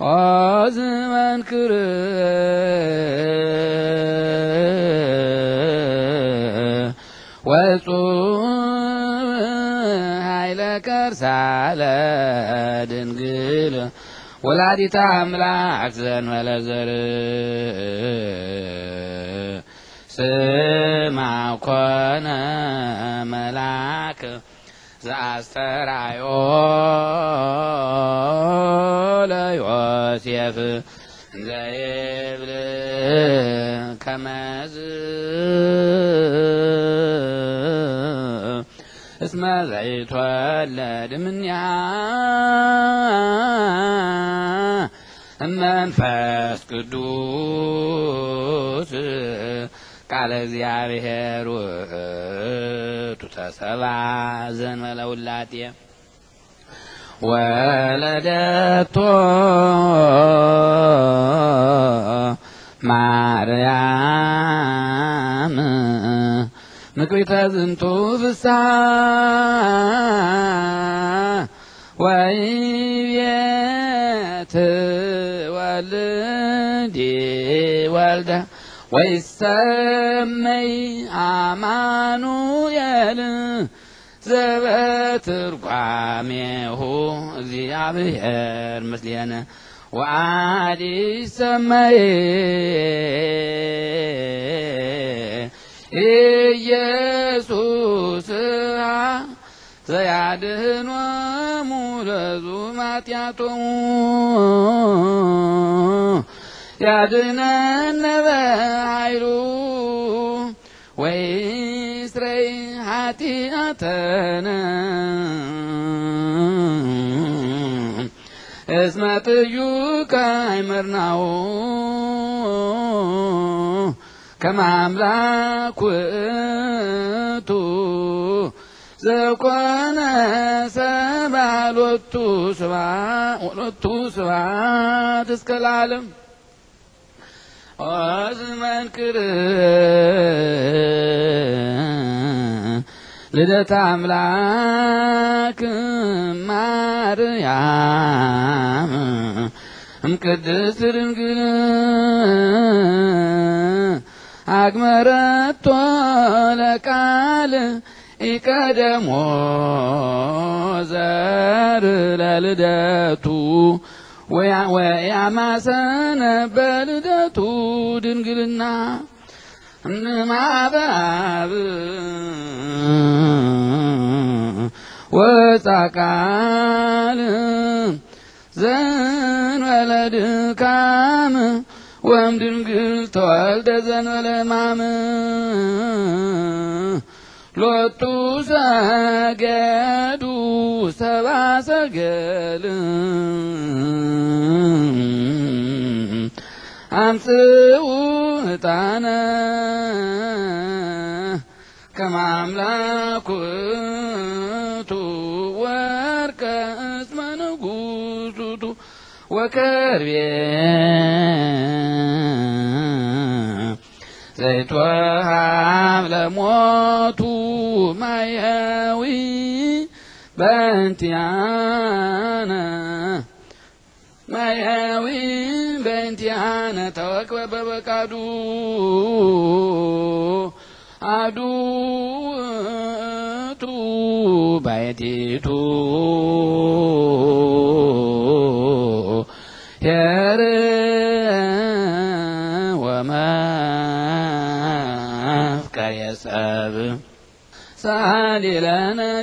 أزمن كره وصو هايلا كرس على دنجل ولا دي تعمل عكسن ولا زر سمع كنا ملاك ዘአስተርአዮ ለዮሴፍ ዘይብል ከመዝ እስመ ዘይትወለድ እምኔሃ መንፈስ ቅዱስ ቃለ እግዚአብሔር ውእቱ ተሰብአ ዘእንበለ ውላጤ ወለደቶ ማርያም ምክሪተ ዝንቱ ፍስሓ ወይቤት ወልዲ ወልደ ወይሰመይ አማኑኤል ዘበትርጓሜሁ እግዚአብሔር ምስሌነ ወአዲ ሰመይ ኢየሱስ ዘያድህኖ ሙለዙ ለዙማትያቶሙ ያድነነበአይሩ ኃይሉ ወይስረይ ኃጢአተነ እስመ ጥዩከ አይመርናው ከመ አምላክ ውእቱ ዘኮነ ሰብዓ ሎቱ ስብሐት እስከ አዝመንክር ልደት አምላክ ማርያም እምቅድስት ድንግል አግመረቶ ለቃል ኢቀደሞ ዘር ለልደቱ ወያማሰነ በልደቱ ድንግልና እምማበአብ ወጻቃል ዘንበለ ድካም ወም ድንግል ተወልደ ዘንበለ ማም ሎቱ ሰገዱ ሰባሰገል ሰገል አንጽኡ ከማምላኩቱ ወርቀ እስመ ንጉሡቱ ወከርቤ ዘይትወሃብ ለሞቱ ማያዊ በእንቲአነ ማያዊ በእንቲአነ ተወክበ በበቃዱ አዱቱ ባይቲቱ የር ወመፍቀ የጸብ ሳሊለነ